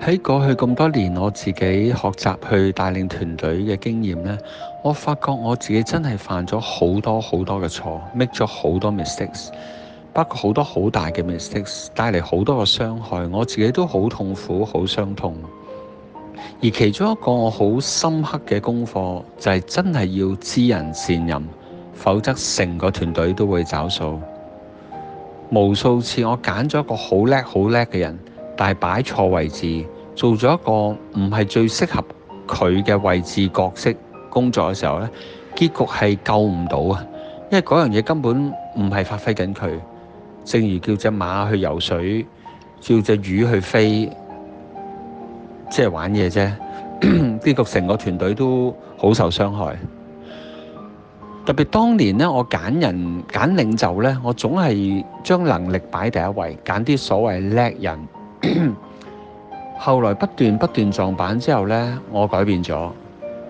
喺過去咁多年，我自己學習去帶領團隊嘅經驗呢，我發覺我自己真係犯咗好多好多嘅錯，make 咗好多 mistakes，包括好多好大嘅 mistakes，帶嚟好多嘅傷害，我自己都好痛苦、好傷痛。而其中一個我好深刻嘅功課，就係真係要知人善任，否則成個團隊都會找數。無數次我揀咗一個好叻、好叻嘅人，但係擺錯位置。做咗一個唔係最適合佢嘅位置角色工作嘅時候呢，結局係救唔到啊！因為嗰樣嘢根本唔係發揮緊佢，正如叫隻馬去游水，叫隻魚去飛，即係玩嘢啫。結局成個團隊都好受傷害。特別當年呢，我揀人揀領袖呢，我總係將能力擺第一位，揀啲所謂叻人。後來不斷不斷撞板之後呢，我改變咗。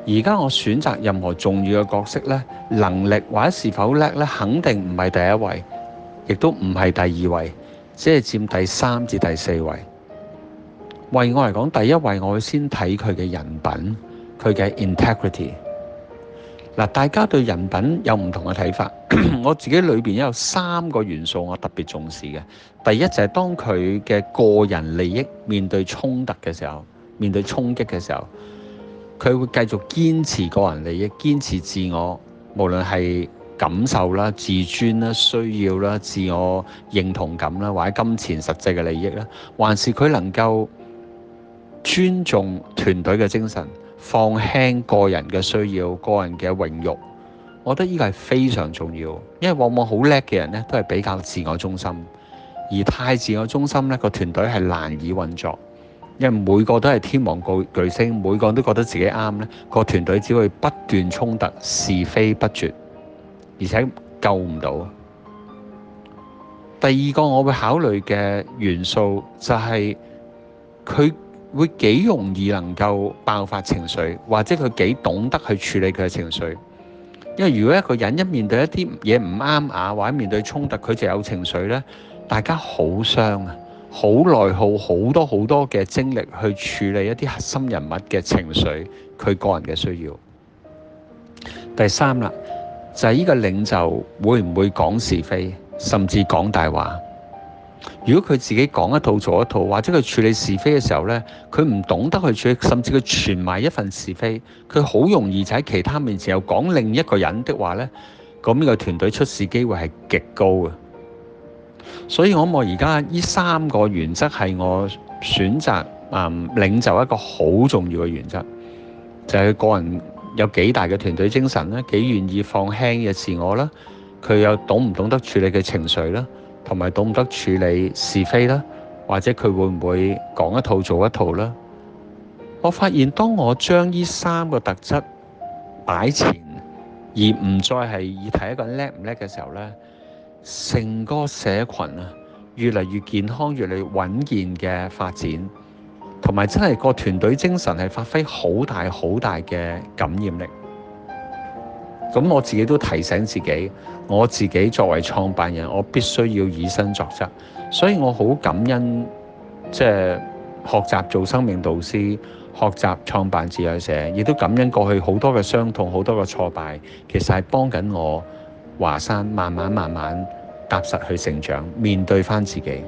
而家我選擇任何重要嘅角色呢，能力或者是否叻呢，肯定唔係第一位，亦都唔係第二位，只係佔第三至第四位。為我嚟講，第一位，我會先睇佢嘅人品，佢嘅 integrity。嗱，大家對人品有唔同嘅睇法。 我自己裏邊有三個元素我特別重視嘅。第一就係當佢嘅個人利益面對衝突嘅時候，面對衝擊嘅時候，佢會繼續堅持個人利益，堅持自我，無論係感受啦、自尊啦、需要啦、自我認同感啦，或者金錢實際嘅利益啦，還是佢能夠尊重團隊嘅精神。放輕個人嘅需要，個人嘅榮辱，我覺得呢個係非常重要，因為往往好叻嘅人呢，都係比較自我中心，而太自我中心呢，個團隊係難以運作，因為每個都係天王巨星，每個人都覺得自己啱呢，呢個團隊只會不斷衝突，是非不絕，而且救唔到。第二個我會考慮嘅元素就係、是、佢。會幾容易能夠爆發情緒，或者佢幾懂得去處理佢嘅情緒。因為如果一個人一面對一啲嘢唔啱呀，或者面對衝突，佢就有情緒呢，大家好傷啊，好內耗，好多好多嘅精力去處理一啲核心人物嘅情緒，佢個人嘅需要。第三啦，就係呢個領袖會唔會講是非，甚至講大話？如果佢自己講一套做一套，或者佢處理是非嘅時候呢，佢唔懂得去處理，甚至佢傳埋一份是非，佢好容易就喺其他面前又講另一個人的話呢，咁呢個團隊出事機會係極高嘅。所以，我諗我而家呢三個原則係我選擇啊，領袖一個好重要嘅原則，就係個人有幾大嘅團隊精神咧，幾願意放輕嘅自我啦，佢又懂唔懂得處理嘅情緒啦。同埋懂唔得處理是非啦，或者佢會唔會講一套做一套啦。我發現當我將呢三個特質擺前，而唔再係以睇一個人叻唔叻嘅時候呢，成個社群啊，越嚟越健康、越嚟越穩健嘅發展，同埋真係個團隊精神係發揮好大好大嘅感染力。咁我自己都提醒自己，我自己作為創辦人，我必須要以身作則。所以我好感恩，即係學習做生命導師，學習創辦自在社，亦都感恩過去好多嘅傷痛、好多嘅挫敗，其實係幫緊我華山慢慢慢慢踏實去成長，面對翻自己。